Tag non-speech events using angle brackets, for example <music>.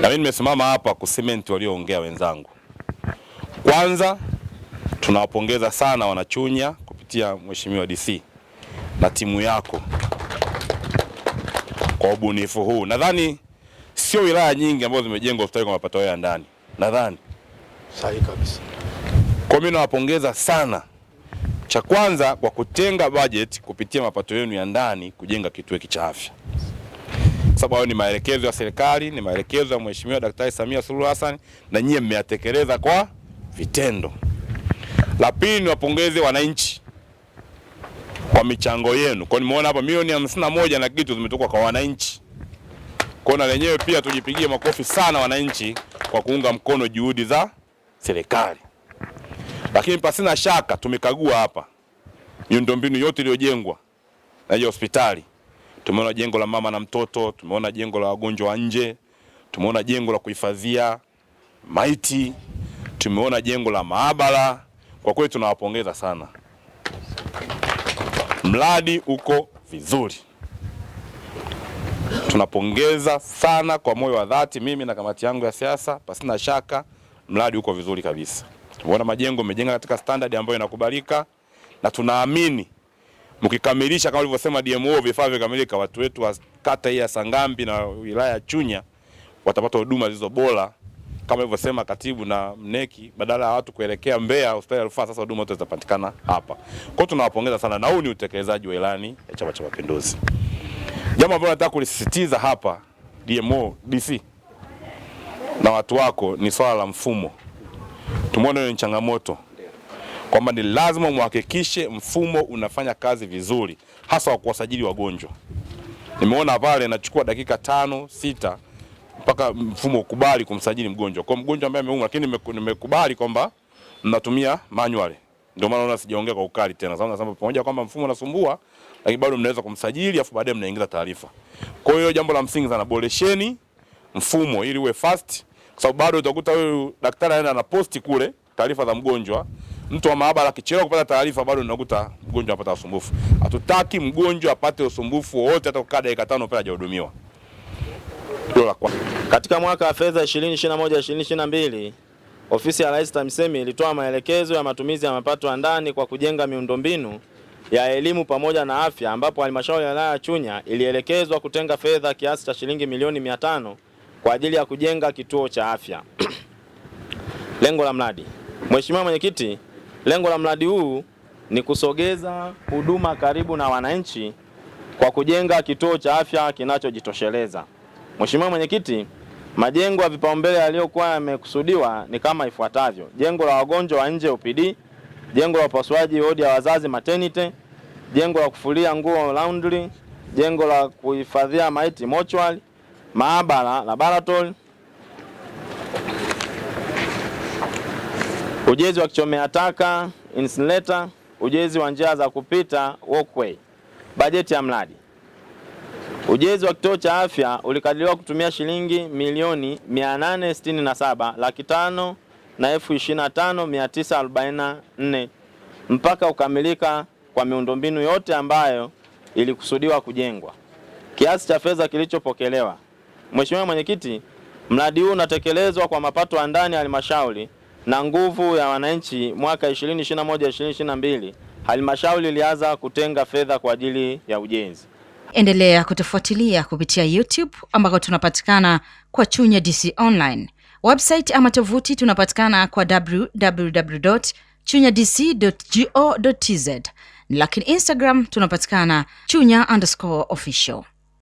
na mimi nimesimama hapa kusimenti walioongea wenzangu. Kwanza tunawapongeza sana wanachunya kupitia Mheshimiwa DC na timu yako kwa ubunifu huu. Nadhani sio wilaya nyingi ambazo zimejengwa hospitali kwa mapato ya ndani, nadhani sahihi kabisa. Kwa mimi nawapongeza sana, cha kwanza kwa kutenga bajeti kupitia mapato yenu ya ndani kujenga kituo hiki cha afya sababu hayo ni maelekezo ya serikali, ni maelekezo ya Mheshimiwa Daktari Samia Suluhu Hassan na nyie mmeyatekeleza kwa vitendo. La pili ni wapongeze wananchi kwa michango yenu. Kwa nimeona hapa milioni hamsini na moja na kitu zimetoka kwa wananchi. Kwa na lenyewe pia tujipigie makofi sana wananchi kwa kuunga mkono juhudi za serikali. Lakini pasina shaka tumekagua hapa miundombinu yote iliyojengwa na hiyo hospitali Tumeona jengo la mama na mtoto, tumeona jengo la wagonjwa wa nje, tumeona jengo la kuhifadhia maiti, tumeona jengo la maabara. Kwa kweli tunawapongeza sana, mradi uko vizuri, tunapongeza sana kwa moyo wa dhati, mimi na kamati yangu ya siasa, pasina shaka mradi uko vizuri kabisa. Tumeona majengo yamejenga katika standard ambayo inakubalika na tunaamini mkikamilisha kama ulivyosema DMO, vifaa vikamilika, watu wetu wa kata hii ya Sangambi na wilaya ya Chunya watapata huduma zilizo bora kama alivyosema katibu na mneki, badala ya watu kuelekea Mbeya hospitali ya rufaa, sasa huduma zote zitapatikana hapa. Kwa hiyo tunawapongeza sana, na huu ni utekelezaji wa ilani ya Chama cha Mapinduzi. Jambo ambalo nataka kulisisitiza hapa DMO, DC na watu wako ni swala la mfumo. Tumeona hiyo ni changamoto kwamba ni lazima muhakikishe mfumo unafanya kazi vizuri, hasa kwa kuwasajili wagonjwa. Nimeona pale inachukua dakika tano sita mpaka mfumo ukubali kumsajili mgonjwa, kwa mgonjwa ambaye ameumwa. Lakini nimekubali kwamba mnatumia manual, ndio maana naona sijaongea kwa ukali tena, sababu pamoja kwamba mfumo unasumbua, lakini bado mnaweza kumsajili, afu baadaye mnaingiza taarifa. Kwa hiyo jambo la msingi sana, boresheni mfumo ili uwe fast, kwa sababu bado utakuta huyu daktari anaposti kule taarifa za mgonjwa mtu wa maabara akichelewa kupata taarifa, bado unakuta mgonjwa anapata usumbufu. Hatutaki mgonjwa apate usumbufu wowote, hata kukaa dakika tano pale hajahudumiwa. Katika mwaka wa fedha 2021 2022 Ofisi ya Rais TAMISEMI ilitoa maelekezo ya matumizi ya mapato ya ndani kwa kujenga miundombinu ya elimu pamoja na afya, ambapo halmashauri ya wilaya ya Chunya ilielekezwa kutenga fedha kiasi cha shilingi milioni 500 kwa ajili ya kujenga kituo cha afya. <clears throat> Lengo la mradi. Mheshimiwa Mwenyekiti, Lengo la mradi huu ni kusogeza huduma karibu na wananchi kwa kujenga kituo cha afya kinachojitosheleza. Mheshimiwa Mwenyekiti, majengo ya vipaumbele yaliyokuwa yamekusudiwa ni kama ifuatavyo: jengo la wagonjwa wa nje OPD, jengo la upasuaji wodi ya wazazi maternity, jengo la kufulia nguo laundry, jengo la kuhifadhia maiti mochwali, maabara laboratory ujenzi wa kichomea taka incinerator, ujenzi wa njia za kupita walkway. Bajeti ya mradi, ujenzi wa kituo cha afya ulikadiriwa kutumia shilingi milioni 867 laki tano na elfu 25944 mpaka kukamilika kwa miundombinu yote ambayo ilikusudiwa kujengwa. Kiasi cha fedha kilichopokelewa. Mheshimiwa Mwenyekiti, mradi huu unatekelezwa kwa mapato ya ndani ya halmashauri na nguvu ya wananchi, mwaka 2021 2022 halmashauri ilianza kutenga fedha kwa ajili ya ujenzi. Endelea kutufuatilia kupitia YouTube ambako tunapatikana kwa Chunya DC Online, website ama tovuti tunapatikana kwa www chunya dc go tz, lakini Instagram tunapatikana chunya underscore official.